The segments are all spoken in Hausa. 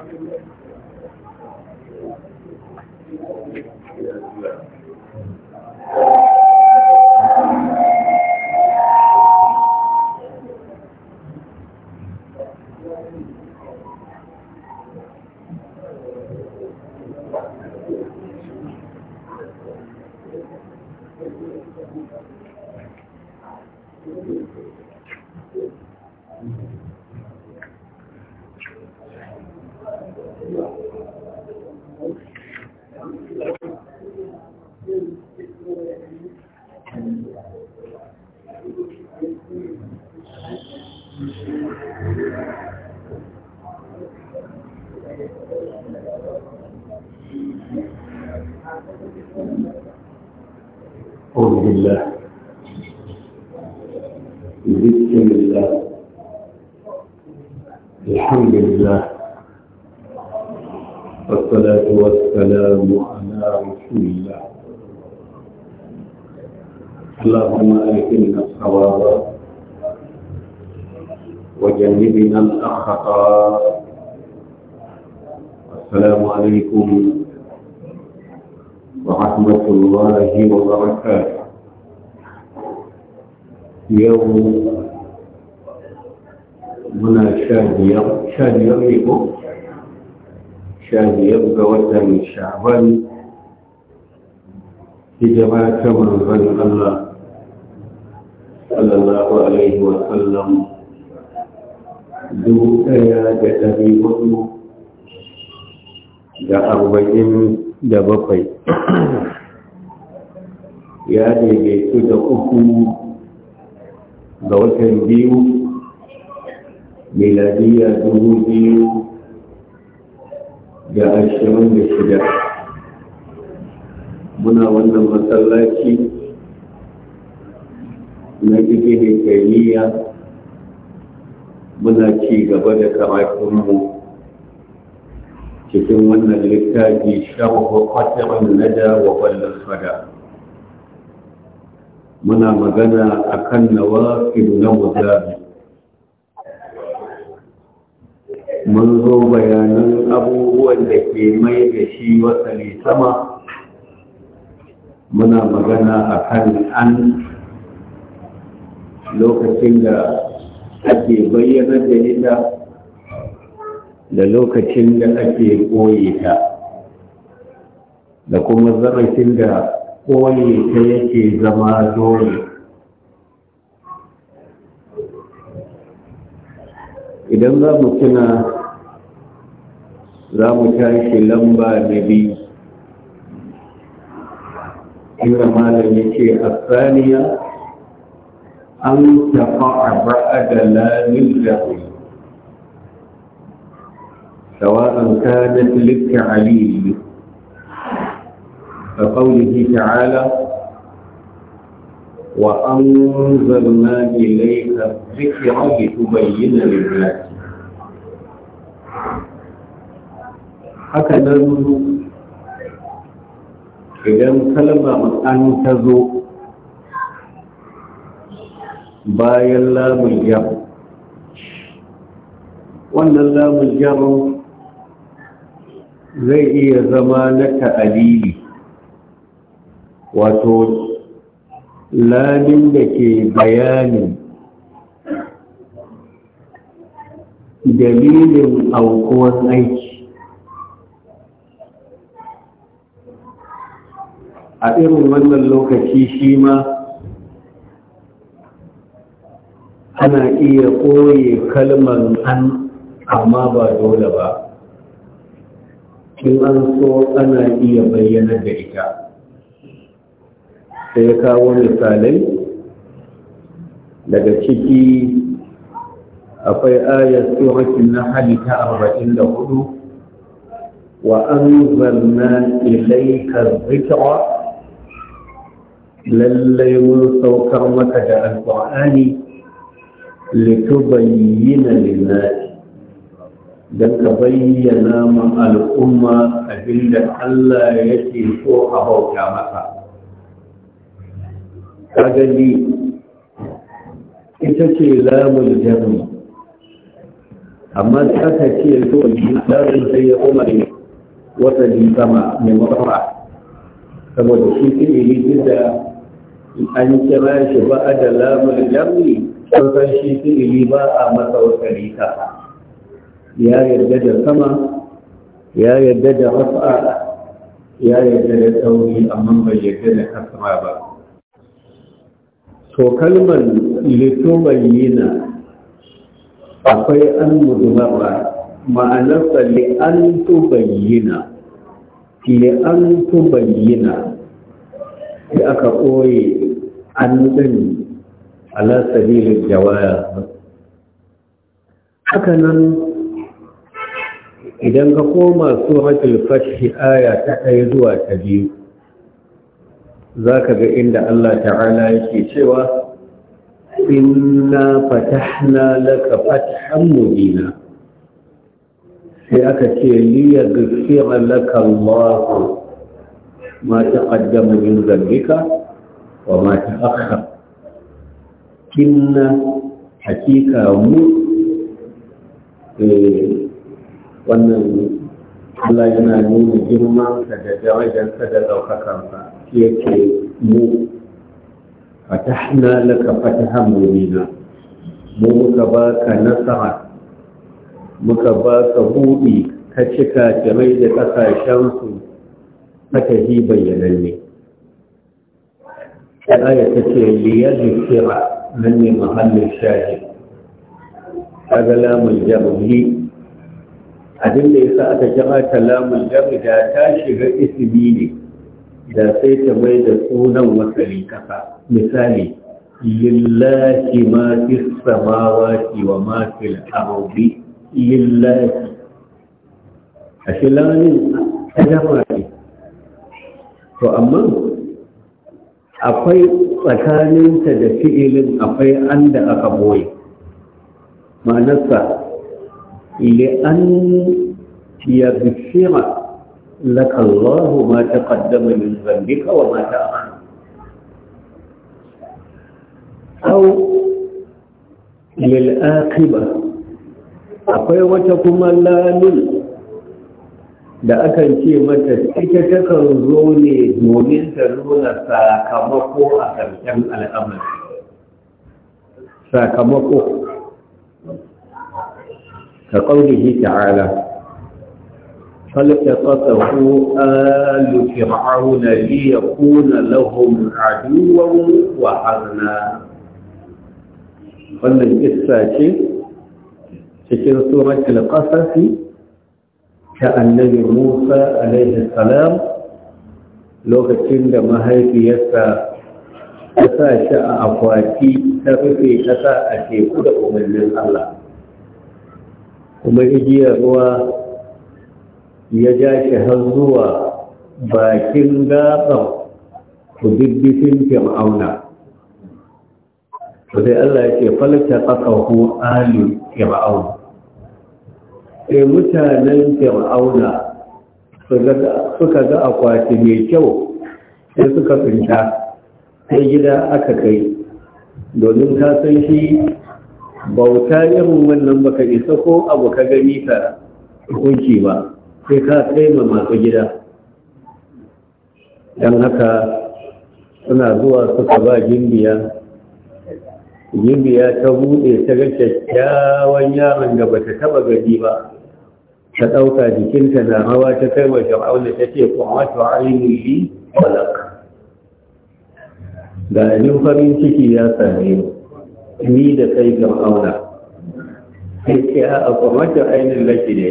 Thank you. وجنبنا الأخطاء السلام عليكم ورحمة الله وبركاته يوم منا شادية شادية لكم يبقى بوتا من شعبان هجرة من الله صلى الله عليه وسلم dubu ɗaya da ɗari hudu da arba'in da bakwai ya daidaitu da uku ga watan biyu miladiya dubu biyu da ashirin da shida muna wannan masallaci na cikin kariya muna ci gaba da mu. cikin wannan littafi shafa kwatarin nada wa ballon fada muna magana akan kan nawa na mun zo bayanan abubuwan da ke mai da shi wasali sama muna magana akan kan an lokacin da ake bayyana da ita da lokacin da ake koye ta da kuma zarafin da koye ta yake zama dole idan za mu tuna za mu tashi lamba da biyu inda malam ce a tsaniya أن تقع بعد لا للغو سواء كانت للتعليل فقوله تعالى وأنزلنا إليك الذكر لتبين للناس هكذا إذا كلمة أن تزوق bayan lamun jar wannan lamun jar zai iya zama na ta'alili wato lamin da ke bayanin dalilin aukuwar aiki a irin wannan lokaci shi ma ana iya koye kalmar an amma ba dole ba in an so ana iya bayyana da ita sai kawo misalai daga ciki akwai ayar tsohon na halitta arba'in da hudu wa an zarna ilaika zikawa lallai mun saukar maka da alƙur'ani bai yi na lillahi don ka bayyana ma al'umma abinda Allah yake so a bauta masa kagani ita ce lamun jami amma da ce so yi lamun sai ya kuma ne wata sama mai mafafa saboda shi fi'ili da an kira shi ba a da lamun jami sauran shi fi'ili ba a masa wakari ka ya yarda da sama ya yarda da rafa ya yarda da tsauri amma bai yarda da kasama ba to kalmar bayyana akwai an mudumarra ma'anar li an bayyana li an bayyana sai aka koye an din ala sabilin jawaya haka nan idan ka koma suratul fashi aya ta ɗaya zuwa ta biyu za ka ga inda Allah ta'ala yake cewa inna fatahna laka fathan mubina sai aka ce liya gafira laka Allah ma ƙaddama min zambika wa ma ta'akhkhara na hakika mu eh, wannan Allah yana nuna ka da ka da ɗaukakansa ka, yake mu fatahna laka fatahan mumina mu muka baka nasara muka baka buɗi ka cika jamai da ƙasashensu ta bayyananne الآية تتي ليذكر من محل الشاهد هذا لام الجر لي abin da yasa aka kira ta lamun jami da ta shiga ismi ne da sai ta bai da sunan wasali kasa misali lillahi ma fi samawati wa ma lillahi a shi ta to amma akwai tsakaninta da fi'ilin akwai an da aka boye ma'anarsa li'an ya bishira laka Allah ma ta kaddama min zambika wa ma ta au lil'aqiba akwai wata kuma lalul da akan ce mata ita takan zo ne domin ta nuna sakamako a ƙarshen al'amari sakamako ka ƙaunihi ta'ala فالتقطه آل فرعون ليكون aduwan wa وحزنا wannan kissa ce cikin suratul qasasi ta annabi Musa alaihi salam lokacin da mahaifiyarsa ta sa shi a akwati ta rufe ƙasa a teku da umarnin Allah kuma igiyar ruwa ya ja shi har zuwa bakin gaɓar kududdufin fir'auna to sai Allah yake ce falta ƙasahu alu fir'auna sai eh, mutanen fir'auna suka ga akwati mai kyau sai suka tsinta sai gida aka kai domin ta san shi bauta irin wannan baka isa ko abu ka gani ka hukunci ba sai ka kai masu gida don haka suna zuwa suka ba jimbiya gimbiya ta buɗe ta ga kyakkyawan yaron da bata taɓa gani ba ta ɗauka jikinta na rawa ta kai wa jama'aula ta ce kuma ta ainihi falak ga abin farin ciki ya same ni da kai jama'aula sai ce a kuma wato ainihin laki ne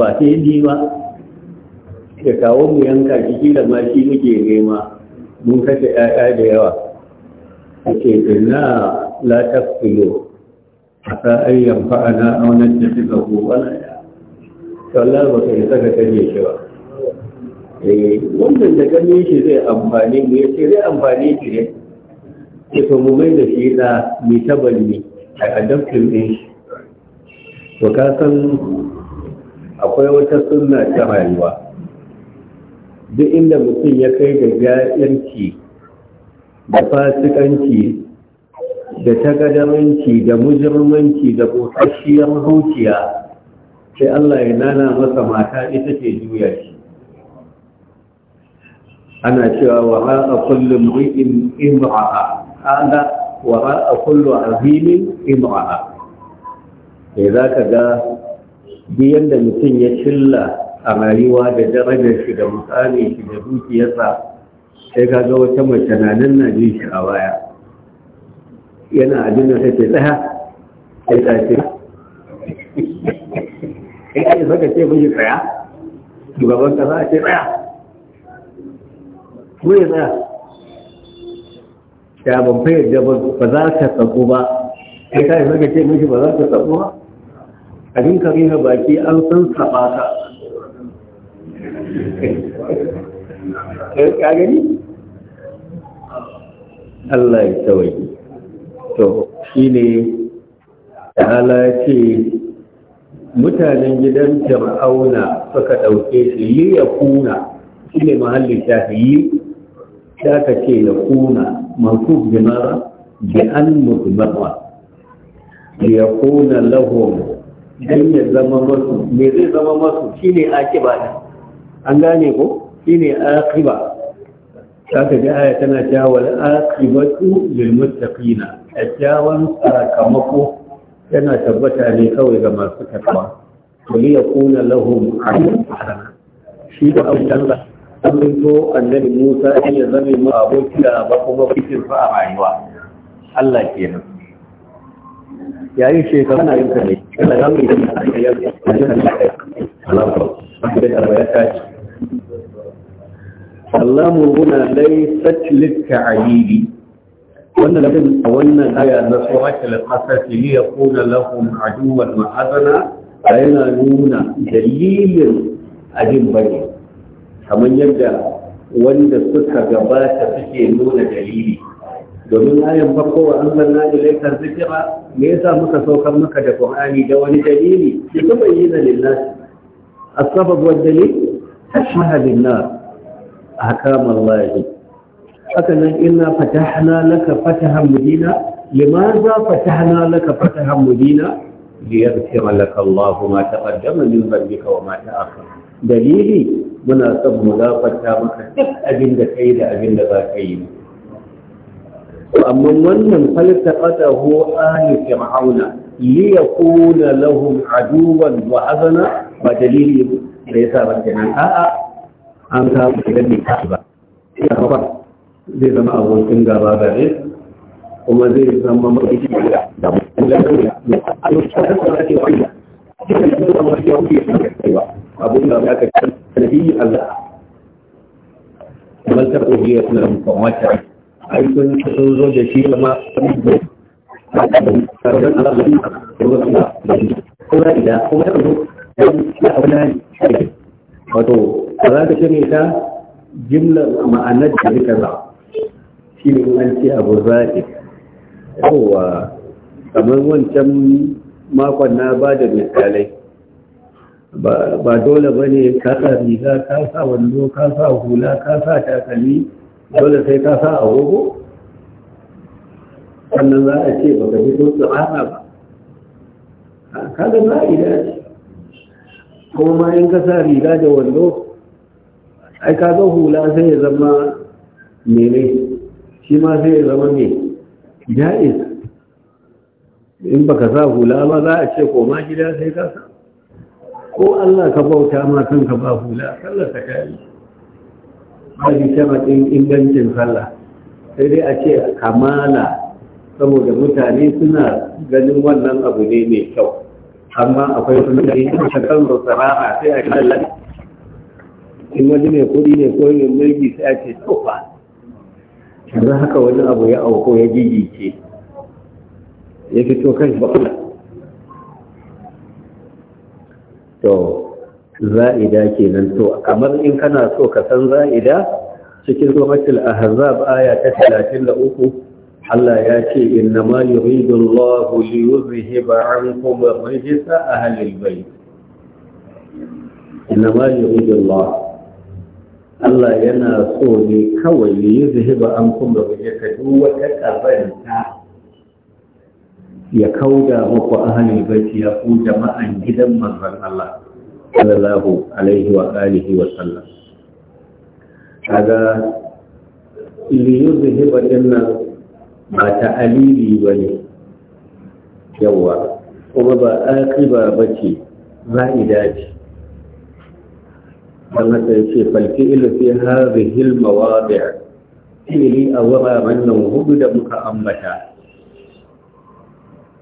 ba sai ni ba ya kawo mu yanka jiki da ma shi muke nema mun kashe 'ya'ya da yawa a ce na la filo. a sa'ayyan fa'ana aunar da suka gobe Allah ba ka saka ka karye shi ba eh, wannan da gani shi zai amfani mu ya ce zai amfani shi ne ke to mu mai da shi da mi taballi a adaptin din shi to ka san akwai wata sunna ta rayuwa duk inda mutum ya kai da ja'irci da fasikanci da tagadamanci da mujirmanci da bukashiyar zuciya sai Allah ya nana masa mata ita ce juya shi ana cewa wa ra'a kullu mri'in imra'a hada wa ra'a kullu azimin imra'a sai zaka ga biyan da mutum ya cilla a rayuwa da darajar shi da mutane shi da dukiyarsa sai ka ga wata mace na nan na jin shi a baya yana abin da take tsaya sai ta ce kai kai saka ce mun yi tsaya shugaban kasa ce tsaya mu ya tsaya ya ban fa yadda ba za ka tsako ba kai kai saka ce mun ba za ka tsako ba abin ka riha baki an san saba ka eh, ka gani Allah ya tsawaye to shi ne ta'ala ce mutanen gidan jama'auna suka ɗauke shi yi ya kuna shi ne mahallin shafi yi ta ka ce ya kuna masu jimara bi an da ya kuna lahon don ya zama masu me zai zama masu shi ne ba ne an gane ko shi ne ba ta ka ji aya tana cewa al'akibatu lil A kyakkyawan sakamako yana tabbata ne kawai ga masu takawa wali ya kuna lahum hasana shi da autan da abin to annabi Musa ya zame mu aboki da ba kuma fitin fa a rayuwa Allah ke kenan yayin shekaru na yin ne kana ga mu da ya yi Allah ya tashi Allah mu guna laysat lit ta'yili wannan lafin a wannan aya na tsohon alƙasar ya kuna lahun aduwar ma'azana a yana nuna dalilin abin bane kamar yadda wanda suka gabata suke nuna dalili domin ayan farko wa an zanna ilaika zikira me yasa muka saukar maka da qur'ani da wani dalili shi kuma yi na lillahi as-sabab wa dalil tashhadu lin-nas ahkam Allah haka nan ina fatahna laka fatahan mubina limaza fatahna laka fatahan mubina liyaghfira laka Allah ma taqaddama min dhanbika wa ma ta'akhkhar dalili muna son mu gafarta maka duk abin da kai da abin da za ka yi amma wannan falsafatahu ali fir'auna li yakuna lahum aduwan wa hazana ba dalili da yasa ba kenan a'a an samu idan ne ba ya ba zai zama abokin gaba gare kuma zai zama mafi da abin da ya na shi ma wato ba za ka ce ta jimla ma'anar da duka za shi ne an ce abu zaɗi yawa kamar wancan makon na ba da misalai ba dole ba ne ka sa riga ka sa wando ka sa hula ka sa takalmi dole sai ka sa agogo sannan za a ce ba ka fito tsirana ba Kada za a ce kuma ma in ka sa riga da wando ai ka ga hula sai ya zama mene shi ma sai ya zama mai ja'iz in baka sa hula ba za a ce koma gida sai ka sa ko Allah ka bauta ma kanka ba hula sallar ta kayi ba ji sharaɗin ingancin sallah sai dai a ce kamala saboda mutane suna ganin wannan abu ne mai kyau amma akwai sunan da yake shakan rusara'a sai a kallan in wani mai kuɗi ne ko yin mulki sai a ce to fa yanzu haka wani abu ya auko ya gigice ya fito kai ba to za'ida kenan to kamar in kana so ka san za'ida cikin suratul ahzab aya ta 33 Allah ya ce inna ma yuridu Allahu li yuzhiba ankum rijsa ahli al-bayt inna ma yuridu Allah Allah yana so ne kawai ya yi zuhiba an kuma waje ka duk wata ƙazanta ya kauda muku ahalin baiti ya ku jama'an gidan manzon Allah sallallahu alaihi wa alihi wa sallam kaga li yuzhiba dinnan ba ta alili bane yawa kuma ba aqiba bace za'ida ce don haka ya ce falki ilufi hazi hilma wa biyar fili a wuraren nan hudu da muka ambata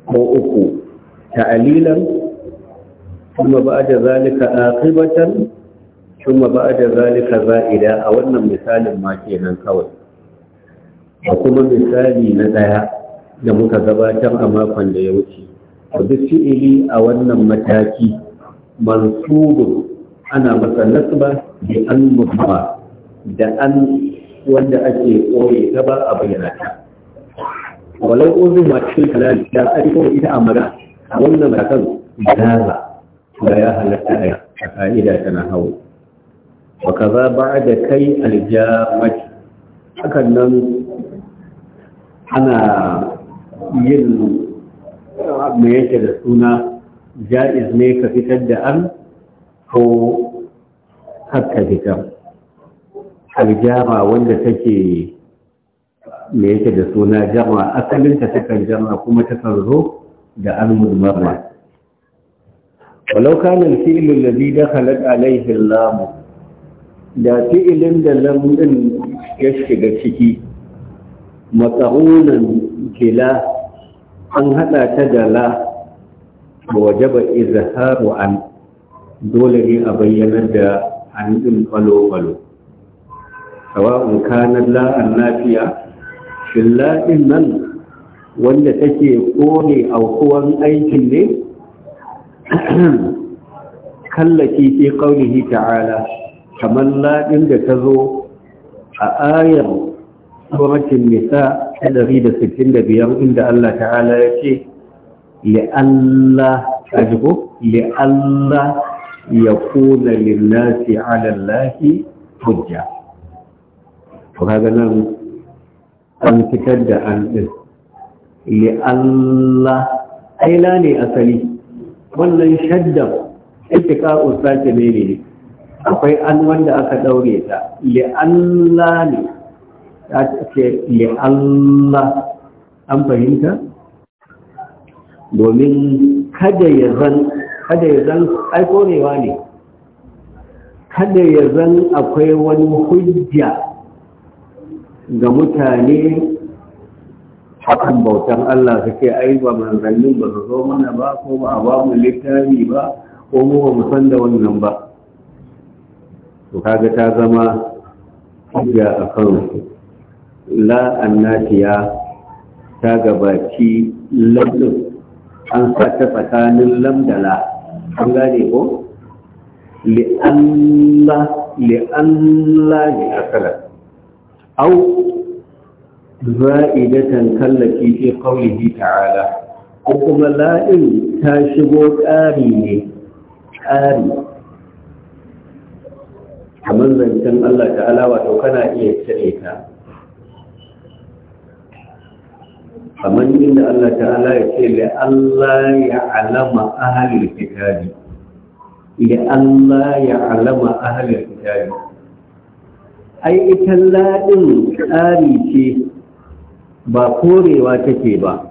ko uku ta'alilan kuma ba da zalika aqibatan kuma ba da zalika za'ida a wannan misalin ma kenan kawai a kuma misali na daya da muka gabatar a makon da ya wuce duk fi'ili a wannan mataki mansubun ana masa nasba bi an mutuwa da an wanda ake koye ta ba a bayyana ta walau uzun ma cikin kalali da ariko ita a wannan matakan gaza da ya halatta a ka'ida tana hawo wa kaza ba da kai aljamati hakan nan ana yin mai yake da suna ja'iz ne ka fitar da an ko haka fita aljama wanda take me yake da suna jama asalinta takan jama kuma takan zo da almudmarra walau kana alfi'lu alladhi dakhalat alayhi al da fi'ilin da lam din ya shiga ciki matsarunan kila an haɗa ta da la wajaba izharu an dole ne a bayyanar da hannun falo-falo sawa'un kanar la'an lafiya shin la'in nan wanda take kone aukuwan aikin ne kallaki fi ƙaunihi ta'ala kamar la'in da ta zo a ayar turakin nisa 165 inda Allah ta'ala ya ce li'allah ajibo Ya lin-nasi 'ala Allahi hujja to kaga nan an fitar da an din li aila ne asali wannan shadda ittiqa'u sake ne ne akwai an wanda aka ɗaure ta li ne ta ce li an fahimta domin kada ya zan kada ya zan aikorewa ne kada ya zan akwai wani hujja ga mutane hakan bautan Allah suke ai ba manzannin ba su zo mana ba ko ba a ba mu littafi ba ko mu ba mu san da wannan ba to kaga ta zama hujja a kan la annatiya ta gabaci lamdin an sa ta tsakanin lamdala an gane ko li'alla au za'idatan kallaki fi qawlihi ta'ala ko kuma la'in ta shigo ƙari ne ƙari kamar zancen Allah ta'ala wato kana iya cire ta kamar inda Allah ta'ala ya ce da Allah ya alama ahalin kitabi la Allah ya alama ahalin kitabi ai ita ladin tsari ce ba korewa take ba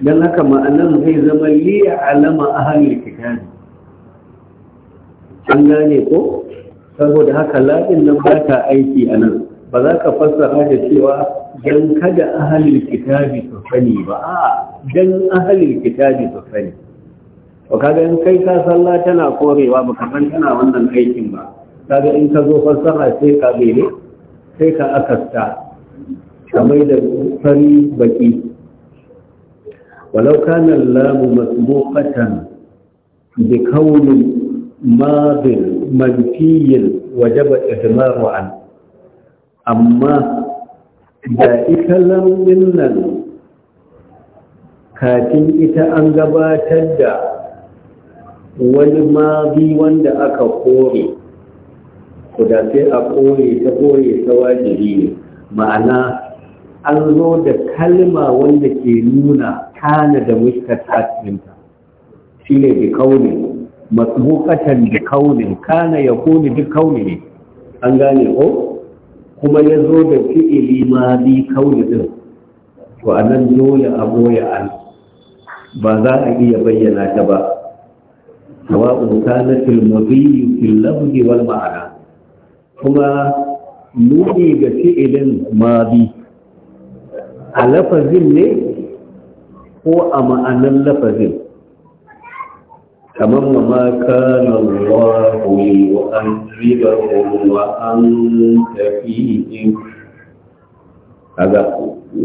dan haka ma'anan zai zama li alama ahalin kitabi an gane ko saboda haka ladin nan ba ta aiki a nan ba za ka fassara da cewa don kada ahalin kitabi su sani ba a don ahalin kitabi su sani ba kaga in kai ka sallah tana korewa ba ka san tana wannan aikin ba kaga in ka zo fassara sai ka bene sai ka akasta kamar da fari baki walau kana lamu masbuqatan bi kaunin bil manfiyin wajaba idmaru an amma da ita lambin nan kafin ita an gabatar da wani mazi wanda aka kore da sai a kore ta kore ta wajiri ne ma'ana an zo da kalma wanda ke nuna kana da muskata ɗinta shi ne bi kauni masbukatan bi kaunin kana ya kone bi kaunin an gane ko kuma ya zo da fi'ili ma bi kauli din to anan nan dole a boye an ba za a iya bayyana ta ba sawa'un kana fil mabiyyi fil lafzi wal ma'ana kuma nuni ga fi'ilin ma bi a lafazin ne ko a ma'anan lafazin كمن ما كان الله ليؤذبهم وانت فيهم هذا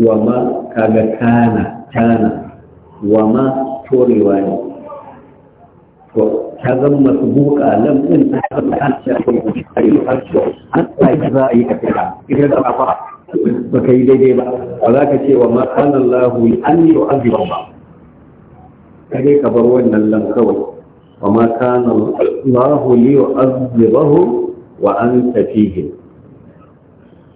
وما كذا كان كان وما توري واني كذا مسبوقا لم انت حتى حتى بكي دي دي وذاك شيء وما كان الله ان يؤذبهم كذلك بروين لن كوي وما كان الله ليعذبهم وأنت فيهم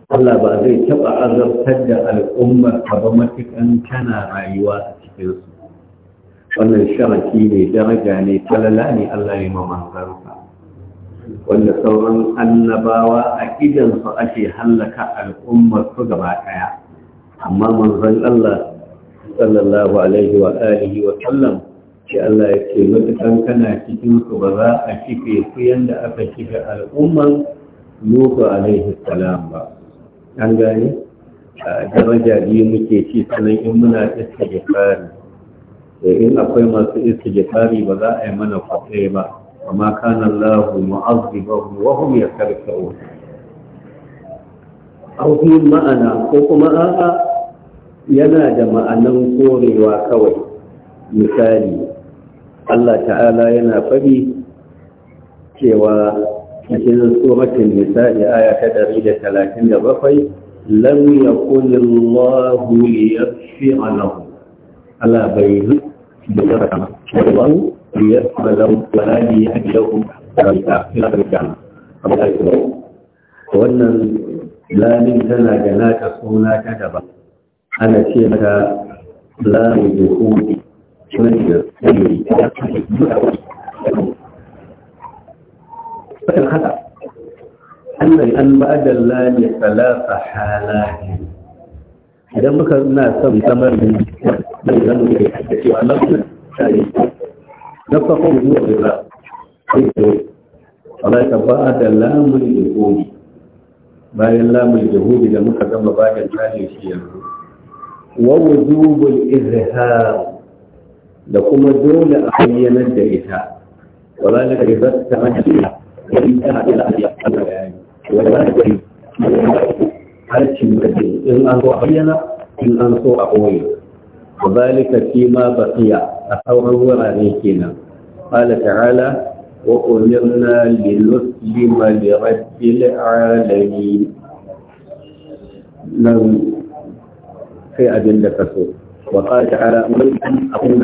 Allah ba zai taɓa azabtar da al'ummar ka ba matukan tana rayuwa a cikinsu. Wannan sharaki ne daraja ne talala ne Allah ne ma manzarka. Wanda sauran annabawa a idansu ake hallaka al'ummar su gaba ɗaya. Amma manzan Allah sallallahu alaihi wa alihi wa sallam shi Allah ya ce matukan kana cikin su ba za a kife su yanda aka kife al'umman Nuhu alaihi salam ba an gane a daraja biyu muke ci sanan in muna istighfari da eh, in akwai masu iska istighfari ba za a yi mana kwatsai ba amma kana Allah mu'azzibahum wa hum yakarfa'un aw ma'ana ko kuma a'a yana da ma'anan korewa kawai misali Allah ta'ala yana faɗi cewa cikin suratul nisa'i aya ta 137 lam yakul Allahu liyashfi lahu Allah bai da sarrafa wallahu liyashfi lahu wala wannan lamin tana da nata suna ta daban ana ce mata lamin sur le lieu, la lieu, la lieu, la lieu, فكان هذا أن الأنباء دلان ثلاث حالات إذا بك الناس بثمر من بيغن ويحدث على نفقه هو الربا ولا تباء دلام الجهود bayan lamun jihudi da muka gama bayan tare shi yanzu wa wujubul izhar da kuma dole a bayyanar da ita وذلك إذا استمعت بها وإن كانت إلى أن يقبل بياني وذلك هل تمكن إن أن أعين إن وذلك فيما بقي أثور ورانيكنا قال تعالى وأمرنا لنسلم لرب العالمين لم نعم. في أدلة وقال تعالى من أن أقول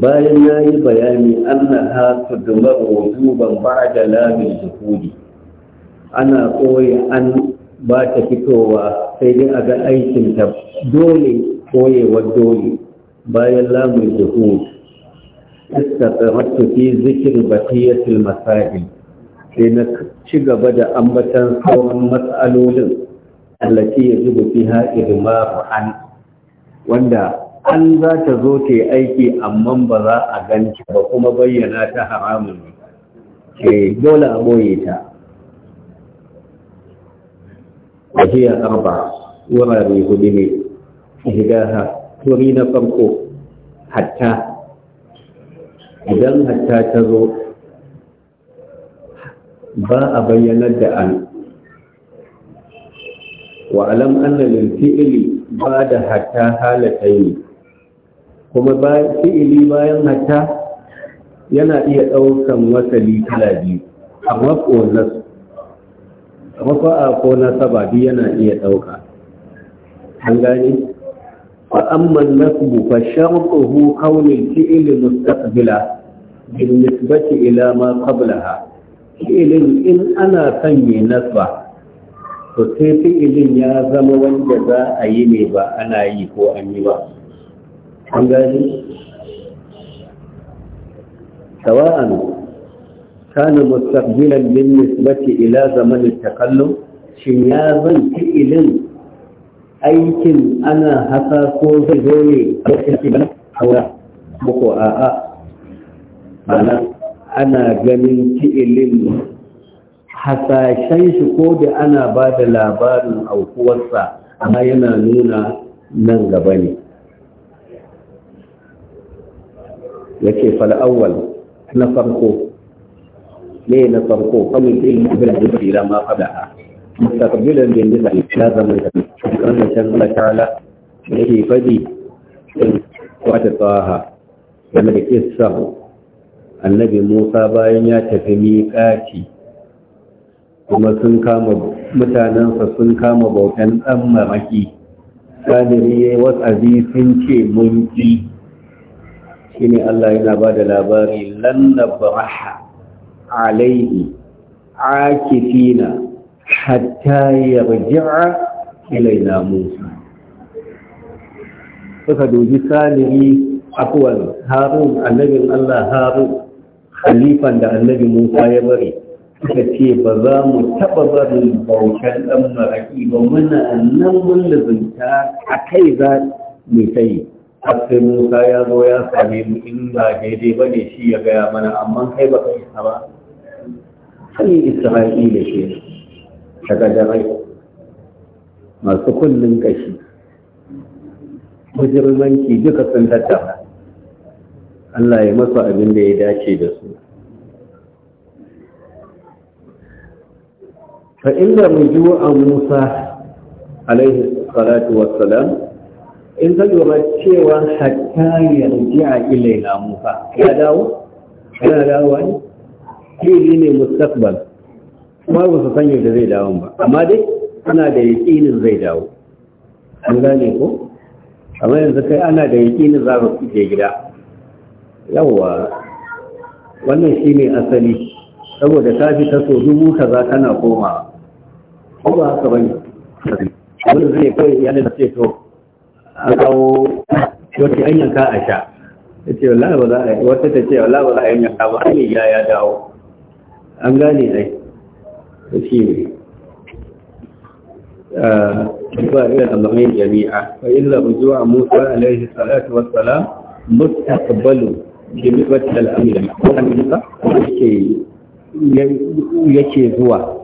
bayan ya yi bayani an ha tudumar wujuban ba'da lamin zuhuri ana koyi an ba ta fitowa sai dai a ga aikin ta dole koyewar dole bayan lamin zuhuri istatsaratu fi zikir baqiyatil masajid sai na ci gaba da ambatan sauran matsalolin allati yajibu fiha idmaru an wanda an za ta zo ta yi aiki amma ba za a ganci ba kuma bayyana ta haramun ne ce dole a boye ta jiya arba wurare hudu ne ha, turi na farko hatta idan hatta ta zo ba a bayyanar da an alam annalin fi'ili ba da hatta halatai ne kuma fi'ili bayan hatta yana iya ɗaukan wasali kala biyu a ko nasaba biyu yana iya ɗauka an gani fa amma nasbu fa sharuɗu kauni fi'ili mustaqbila bin nisbati ila ma qablaha fi'ilin in ana son yi nasba to sai fi'ilin ya zama wanda za a yi ne ba ana yi ko an yi ba an gani sawa'an kana mustaqbilan bin nisbati ila zaman takallum shin ya zan fi'ilin aikin ana haka ko zai zo ne a lokacin ban haura ko a'a ma'ana ana ganin fi'ilin hasashen shi ko da ana ba da labarin aukuwarsa amma yana nuna nan gaba ne yake fal na farko ne na farko kamar ilmi bil jira ma fadaha mustaqbilan da nisa ya zama da wannan can Allah ta'ala yake fadi wata tsaha game da kissan annabi Musa bayan ya tafi miƙaci kuma sun kama mutanensa sun kama bautan ɗan mamaki sadiri ya yi wa'azi sun ce mun ji shine Allah yana ba da labari lannabraha alaihi akifina hatta yarji'a ilaina Musa suka doji saliri, akwai harun annabin Allah harun khalifan da annabi Musa ya bari suka ce ba za mu taɓa barin bautan ɗan maraƙi ba muna nan mun a kai za mu sai har sai Musa ya zo ya same mu in ba daidai ba ne shi ya gaya mana amma kai ba ka isa ba sai Isra'ila ke daga dare masu kullum kashi mujirmanci duka sun tattara Allah ya masu abin da ya dace da su fa inda ruju'a Musa alaihi salatu wassalam in ka lura cewa hatta yarji a ilai na musa ya dawo yana dawowa ne fili ne mustaqbal kuma ba su san yadda zai dawo ba amma dai ana da yaƙinin zai dawo an gane ko amma yanzu kai ana da yaƙinin za su je gida yawwa wannan shi ne asali saboda ta fi taso dubu ta kana komawa ko ba haka bane wani zai kawai yana da ce to a kawo wata an yanka a sha ta ce wallahi ba za a yi wata ta ce wallahi ba za a yanka ba an ya ya dawo an gane ai ta ce ne ah, ba ila alamai jami'a fa illa zuwa musa alaihi salatu wassalam mustaqbalu bi mithbati al-amr wannan yake yake zuwa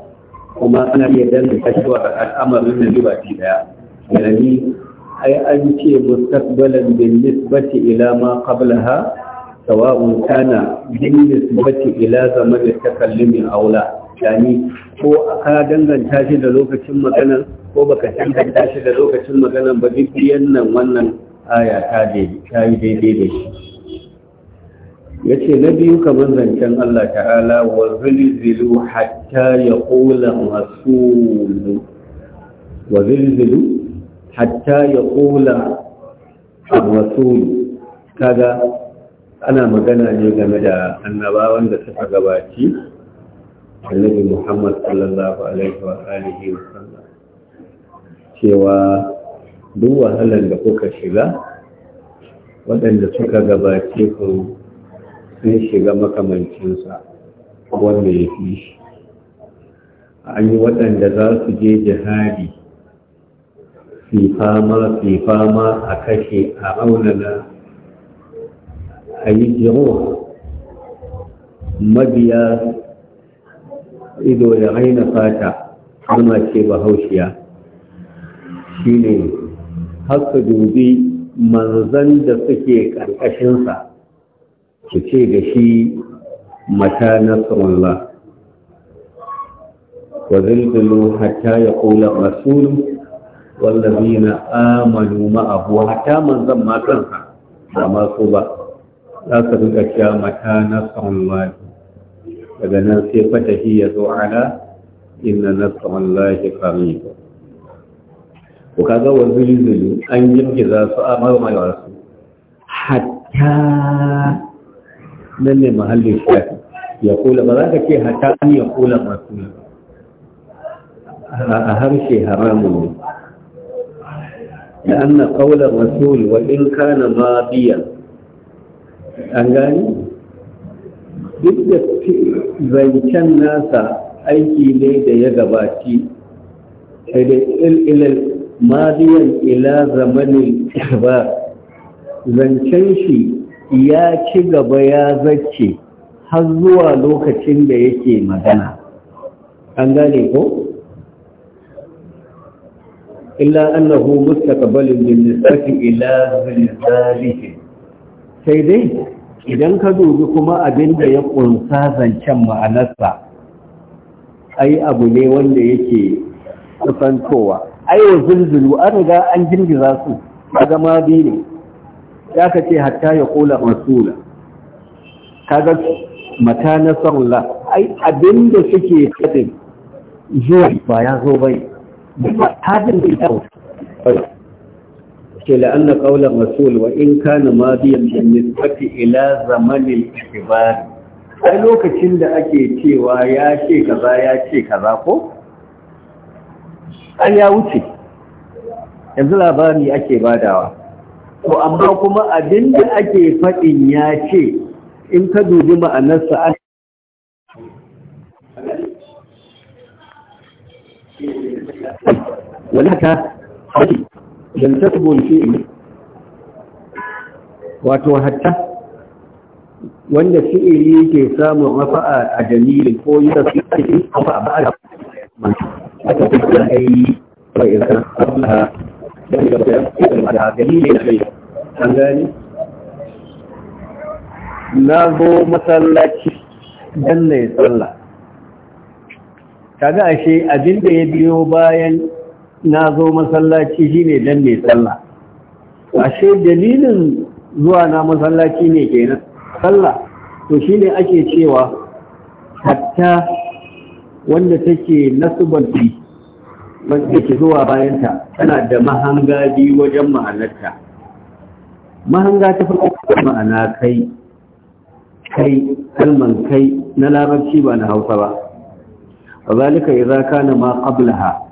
kuma ana iya danta cewa al'amarin da ba shi daya yanzu ai an ce mustaqbalan bil nisbati ila ma qablaha sawa'un kana bil nisbati ila zaman takallumi aula yani ko ka danganta shi da lokacin magana ko baka danganta shi da lokacin magana ba duk nan wannan aya ta yi daidai da shi ya ce na biyu kamar zancen Allah ta'ala wa zilzilu hatta ya rasul masu wa zilzilu hatta ya ƙula a rasulu kaga ana magana ne game da annabawan da suka gabaci annabi muhammad sallallahu alaihi wa alihi wa cewa duk wahalar da kuka shiga waɗanda suka gabace ku sun shiga makamancinsa wanda ya fi shi an yi waɗanda za su je jihadi fi fama a kashe a aunana a yi jiro mabiya ido ya raina fata kuma ce bahaushiya shi ne haka dubi manzan da suke ƙarƙashinsa ki ce da shi mata nasarullah wa zilzilu hatta ya ƙula rasulu والذين آمنوا معه حتى من ذم ما تنسى وما لا تبقى كامة نصر الله daga nan sai shi ya zo ala inna nasran lahi qarib ko kaga wa zulzulu an za su a marmayar wasu? hatta nan ne mahallin shafi ya kula ba za ka ce hatta an ya kula masu a harshe haramun ne لأن قول الرسول وإن كان ماضيا an gani duk da zancen nasa aiki ne da ya gabaci sai da ililal madiyan ila zamanin ba zancen shi ya ci gaba ya zace har zuwa lokacin da yake magana an gane ko illa annahu mustaqbalun min nisbati ila zalzalihi sai dai idan ka dubi kuma abin da ya kunsa zancen ma'anarsa ai abu ne wanda yake kusantowa ai wa zulzulu an riga an girgiza su kaga ma ne ya ka ce hatta ya kula masula kaga mata nasarullah ai abin da suke fadin zuwa ba ya zo bai هذا الأول لأن قول الرسول وإن كان ماضيا بالنسبة إلى زمن الاعتبار أي lokacin da ake cewa ya ce kaza ya ce kaza ko an ya wuce yanzu labari ake badawa Ko amma kuma abinda ake faɗin ya ce in ka dubi ma'anarsa ولك حتي لم تكبر شيء wato hatta wanda fi'ili yake samun mafa'a a dalilin ko yi da su ake rafa'a ba a da aka fi da ayi bai isa Allah da ga da da dalilin da kai an gani na zo masallaci dan na ne sallah kaga ashe abin da ya biyo bayan na zo masallaci shine don mai sallah ashe dalilin zuwa na masallaci ne kenan sallah to shi ne ake cewa hatta wanda take nasubanci wanda ke zuwa bayanta tana da mahanga biyu wajen ma'anarta mahanga ta farko ma'ana kai kai kalman kai na larabci ba na hausa ba وذلك ka كان ma قبلها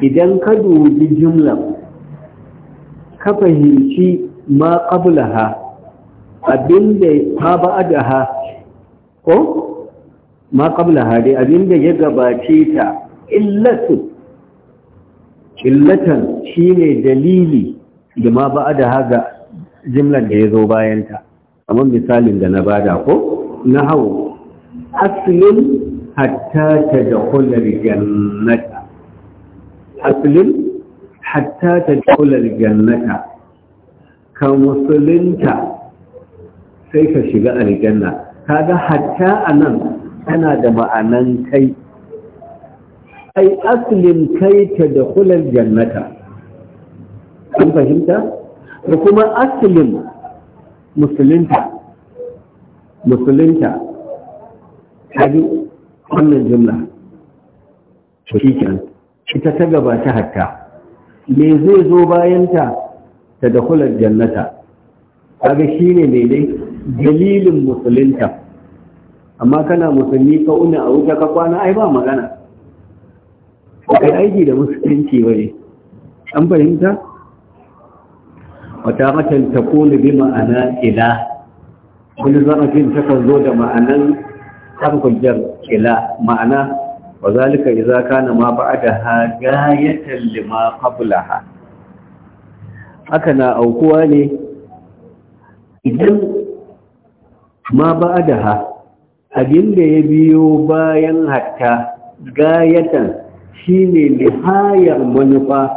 idan ka dubi jumla ka fahimci ma qablaha abinda ha ko ma ha dai abinda ya gabace ta illatu illatan shine dalili da ma ha ga jimlar da ya zo bayanta kamar misalin da na bada ko na hau. aslin hatta da al aslim hatta ta kular jannata ka musulunta sai ka shiga aljanna kaga hatta anan tana da ma'anan kai ai aslim kai ta da kular jannata an fahimta da kuma aslim musulunta musulunta wannan jumla ita ta gabata hatta me zai zo bayanta ta dakular jannata kaga shine mai dai dalilin musulunta amma kana musulmi ka una a wuta ka kwana ai ba magana kai aiki da musulunci bane an fahimta wata matan ta kone bi ma'ana ila wani zarafin takan zo da ma'anan harkar ila ma'ana wa zalika idza kana ma ha gayatan lima qablaha haka na aukuwa ne idan ma ha, abin da ya biyo bayan hatta gayatan shine nihayar manufa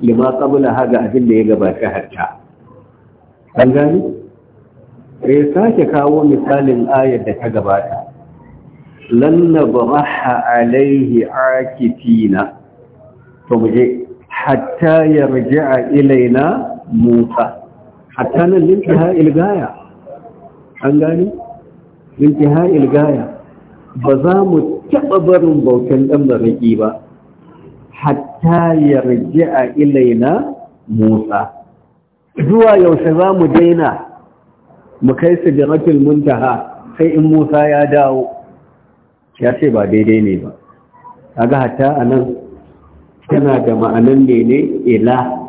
lima qablaha ga abin da ya gabata hatta an gani sai sake kawo misalin ayar da ta gabata lan nabraha alaihi akitina to muje hatta yarji'a ilaina Musa hatta nan lintaha ilgaya an gani lintaha ilgaya ba za mu taɓa barin bautan ɗan baraki ba hatta yarji'a ilaina Musa zuwa yaushe za mu daina mu kai su muntaha sai in Musa ya dawo ya ce ba daidai ne ba ga hata a nan tana da ma'anan ne ne ila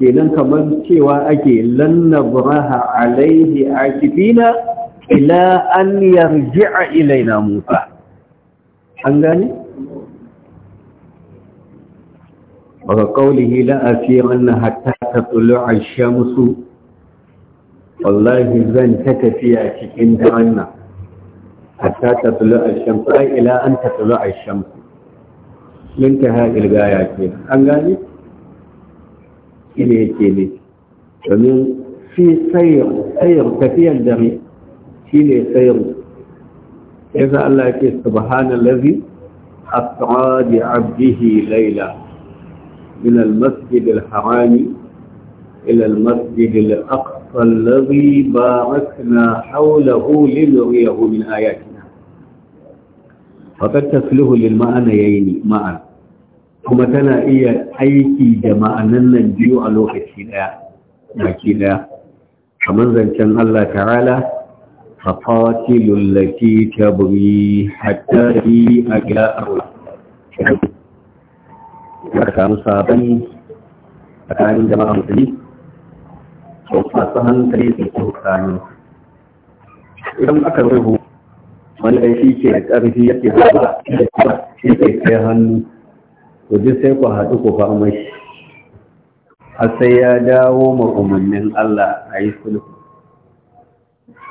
nan kamar cewa ake lannabraha alaihi akifina ila an yarji'a ilaina musa an gane wannan hata ta tsulo a shamsu. wallahi zan ta tafiya cikin daren nan حتى تطلع الشمس أي إلى أن تطلع الشمس منتهى الغاية كيف أنغاني إليه كيلي ومن في سير سير كثير دمي كيلي سير إذا الله يكي سبحان الذي أسعى بعبده ليلا من المسجد الحرام إلى المسجد الأقصى الذي باركنا حوله لنريه من آياته faƙar taslihu lil ma'ana ya yayi ma'an kuma tana iya aiki da ma'anan nan biyu a lokaci ɗaya baki ɗaya kamar zancen Allah ta'ala فقاتل a gida a في Ya أولا Barka musabani tsakanin jama'a musulmi, masu hankali su tsakanin. Idan aka rubu wannan shi ke da ƙarfi yake haɗa shi ke kai hannu to duk sai ku haɗu ku fama shi har sai ya dawo ma umarnin Allah a yi sulhu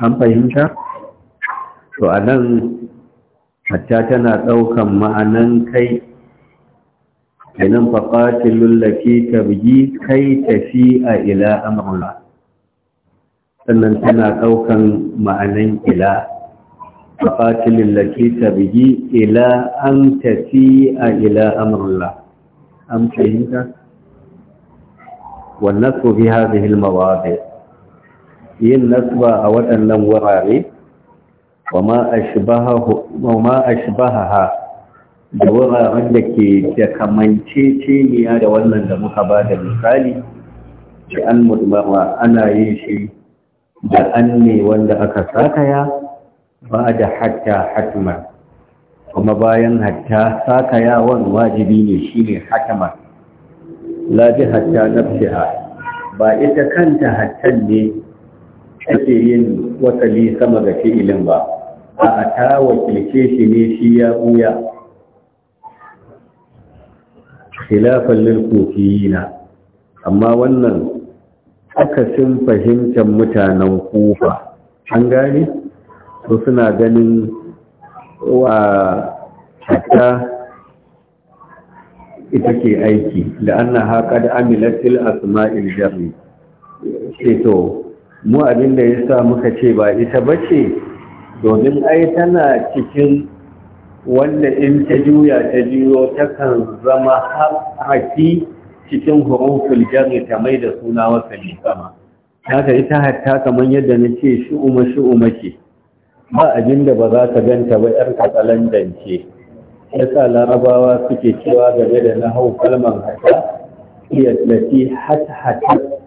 an fahimta to a nan hatta tana ɗaukan ma'anan kai kenan faƙatilun ta bugi kai tafi a ila amurla sannan tana ɗaukan ma'anan ila فقاتل التي تبهي إلى أن تسيء إلى أمر الله أم فهمت والنصب في هذه المواضع أولا لم وما أشبهه وما أشبهها da wuraren da ke da kamanceceniya da wannan da muka ba da misali shi an mutumar ana yin shi da an ne wanda aka sakaya ba da hatta hatma kuma bayan hatta yawon wajibi ne shine hatma la bi hatta nafsiha ba ita kanta hattan ne ake yin wasali sama ga fi'ilin ba a ta wakilce shi ne shi ya buya khilafan lil kufiyina amma wannan aka sun fahimtar mutanen kufa an gane to suna ganin wa hatta ita ke aiki da an na haƙa da amilatil asma'il jami ce to mu abinda ya sa muka ce ba ita ba ce domin ai tana cikin wanda in ta juya ta juyo ta kan zama haki cikin hurufin jami ta mai da suna wasa ne sama ta ita hatta kamar yadda na ce shi'uma shi'uma ce ba abinda da ba za ka ganta ba ‘yar dance ya sa larabawa suke cewa game da na hau kalmar hata, iya tafi hata-hata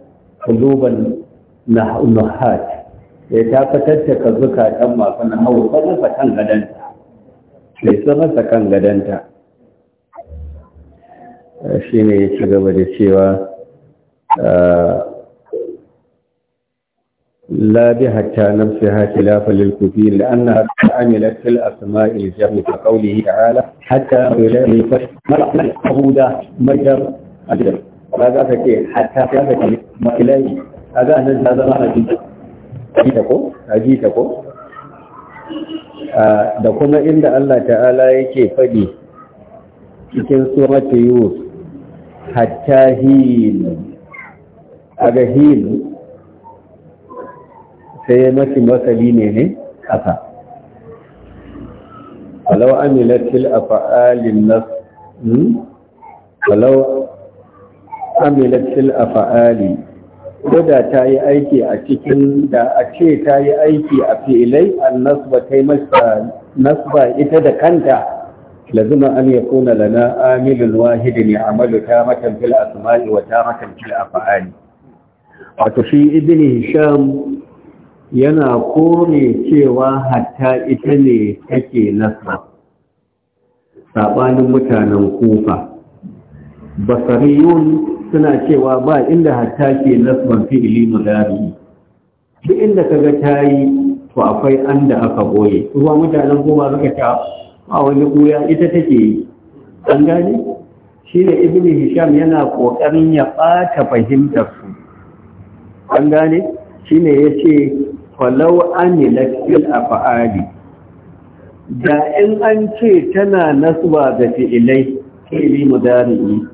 kuluban na nuhat, ya ta fitar da ka zukatan masu na hau sanasa kan gadanta, mai sanasa kan gadanta. Shi ne ya ci gaba da cewa ah, لا بحتى نفسها خلافا للكفير لأنها عملت في الأسماء الجمع كقوله تعالى حتى إلى الفتح ملحودا مجر أجر هذا فكي حتى فكي ما إليه هذا أنا هذا ما أجيب أجيتكو أجيتكو da kuma inda Allah ta'ala yake faɗi cikin suratu yusuf hatta hin aga hin sai ya maki matsali ne ne ƙasa alau amilatil afa'alin nas hmm? alau amilatil fa’ali ko da ta yi aiki a cikin da a ce ta yi aiki a filai an nasba ta yi masa nasba ita da kanta lazima an ya kuna lana amilin wahidi ne amalu ta matan fil asma'i wa ta matan fil Fa'ali. wato shi ibn hisham yana kore cewa hatta ita ne take nasra saɓanin mutanen kufa basariyun suna cewa ba inda hatta ke nasban fi'ili mudari duk inda kaga tayi to akwai an da aka goye ruwa mutanen kuma suka ta a wani kuya ita take yi an gane shi ne ibn hisham yana kokarin ya bata fahimtar su an gane shi ne ya ce falau amilat fil af'ali da in an ce tana nasba ga fi'ilai fi'ili mudari'i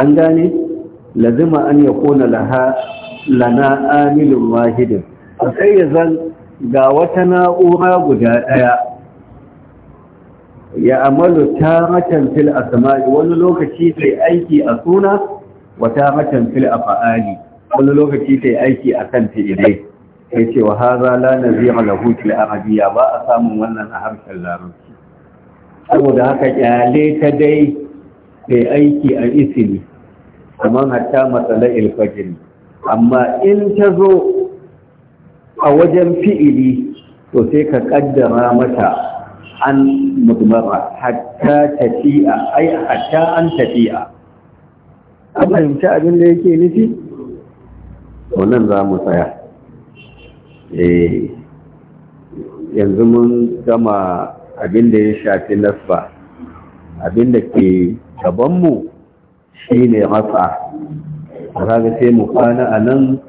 an gane lazima an yakuna laha lana amilun wahidin sai ya zan ga wata na'ura guda daya ya amalu matan fil asma'i wani lokaci sai aiki a suna wa matan fil af'ali wani lokaci sai aiki akan fi'ilai sai ce wa haza la nazira lahu fil arabiya ba a samun wannan a harshen larabci saboda haka kyale ta dai sai aiki a isini kamar hatta matsala ilfajin amma in ta zo a wajen fi'ili to sai ka kaddara mata an mudmara hatta tafiya. ai hatta an tafi'a an fahimci abin da yake nufi to nan za mu tsaya Eh, yanzu mun gama abin da ya shafi nasba abin da ke gabanmu shi ne matsa raga sai mu kwana a nan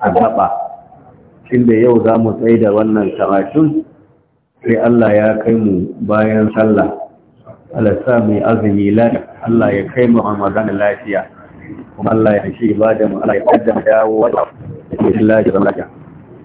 a gaba inda yau za mu tsaye da wannan karatun sai Allah ya kai mu bayan sallah alasa mai azumi lafiya Allah ya kai mu ramadan lafiya kuma Allah ya shi ibada mu Allah ya kaddama dawo wa lafiya